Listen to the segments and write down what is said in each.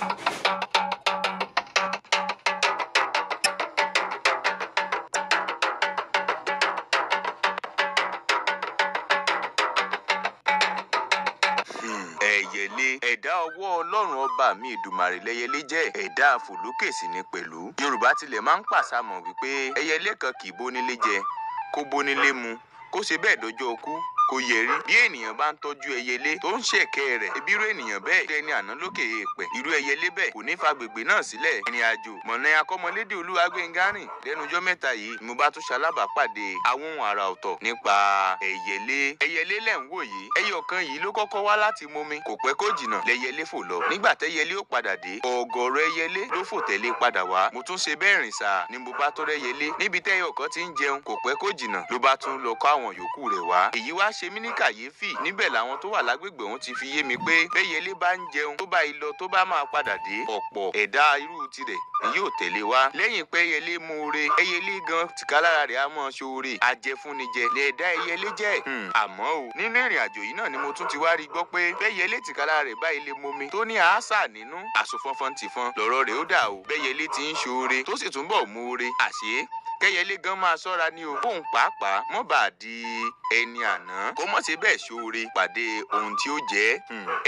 ẹ̀yẹlé ẹ̀dá ọwọ́ ọlọ́run ọba mi ìdùmarè lẹ́yẹlé jẹ́ ẹ̀dá àfòlókè sì ni pẹ̀lú. yorùbá tilẹ̀ máa ń pàṣàmọ̀ wípé ẹyẹlé kan kì í bónílé jẹ kó bónílé mu kó ṣe bẹ́ẹ̀ dọjọ́ ikú kò yẹrí bí ènìyàn bá ń tọ́jú ẹyẹlé tó ń ṣẹ̀kẹ́ rẹ̀ ebírú ènìyàn bẹ́ẹ̀ tẹ́ ni àná lókè èèpẹ̀ irú ẹyẹlé bẹ́ẹ̀ kò ní fagbègbè náà sílẹ̀ ìrìn àjò mọ̀nà akọ́mọlédè olúwagbẹ̀ngà rìn lẹ́nujọ́ mẹ́ta yìí ni mo bá tún ṣalábàápàdé àwọn ohun àrà ọ̀tọ̀ nípa ẹyẹlé ẹyẹlé lẹ̀ ń wò yìí ẹyẹ ọ̀kan yìí ló kọ́kọ́ wá láti momi kò pẹ́ kó jìnà lẹ́yẹlé fò lọ nígbà tẹ́yẹlé ó padà dé ọ̀gọ̀rọ̀ ẹyẹlé ló fò tẹ̀lé e padà wá mo tún ṣe bẹ́ẹ̀ rìn sáà ni mo bá tọ́rẹ́ yẹlé níbi tẹ́yẹ ọ̀kan ti ń jẹun kò pẹ́ kó jìnà ló bá tún lọ kọ́ àwọn yòókù rẹ̀ wá èyí wá ṣ ṣe mí ní kàyéfì níbẹ̀ làwọn tó wà lágbègbè ọ̀hún ti fi yé mi pé péyelé bá ń jẹun tó bá ilọ tó bá máa padà dé ọ̀pọ̀ ẹ̀dá irú tirẹ̀ ni yóò tẹ̀lé wa lẹ́yìn pé ẹyẹlé mú ore ẹyẹlé gan tìkálára rẹ̀ á mọ̀ ṣoore ajẹfúnnijẹ lẹ́ẹ̀dá ẹyẹlé jẹ́ hmm, àmọ́ o nínú ìrìn àjò yìí náà ni mo tún ti wá rí gbọ́ pé bẹ́yẹlé tìkálára rẹ̀ báyìí lè momi tó ní àásà nínú ti tìfọn lọ́rọ̀ rẹ̀ ó dà o bẹ́yẹlé ti ń ṣoore tó sì túnbọ̀ mú ore àṣé kẹ́yẹlé gan máa ṣọ́ra ní o bóun pàápàá mọ́ bàá di ẹni àná kó mọ̀ sí bẹ́ẹ̀ ṣoore pàdé ohun tí ó hmm. jẹ́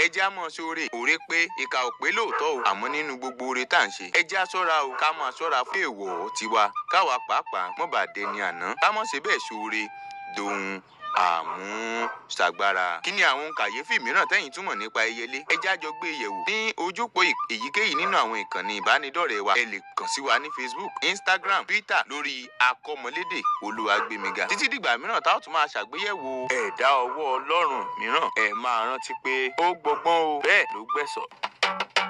ẹjẹ́ á mọ̀ ṣoore òre pé ìka ò pé lóòótọ́ o àmọ́ nínú gbogbo oore tá à ń ṣe ẹjẹ́ á ṣọ́ra o ká máa ṣọ́ra fún èèwọ̀ tiwa káwa pàápàá mọ́ bàá dẹni àná ká mọ̀ sí bẹ́ẹ̀ ṣoore dohun àmúṣagbára. kí ni àwọn kàyéfì mìíràn tẹ́yìn túmọ̀ nípa ẹyẹlé? ẹ jájọ gbé e yẹ̀wò. ní ojúpò èyíkéyìí nínú àwọn ìkànnì ìbánidọ́rẹ̀ẹ́ wa ẹ lè kàn sí wa ní Facebook, Instagram, Twitter lórí akọ́mọlédè olúwagbémiga. títí dìgbà mìíràn tá a tún máa ṣàgbéyẹ̀wò ẹ̀dá ọwọ́ ọlọ́run mìíràn ẹ máa rántí pé ó gbọ́gbọ́n o bẹ́ẹ̀ ló gbẹ̀sọ̀.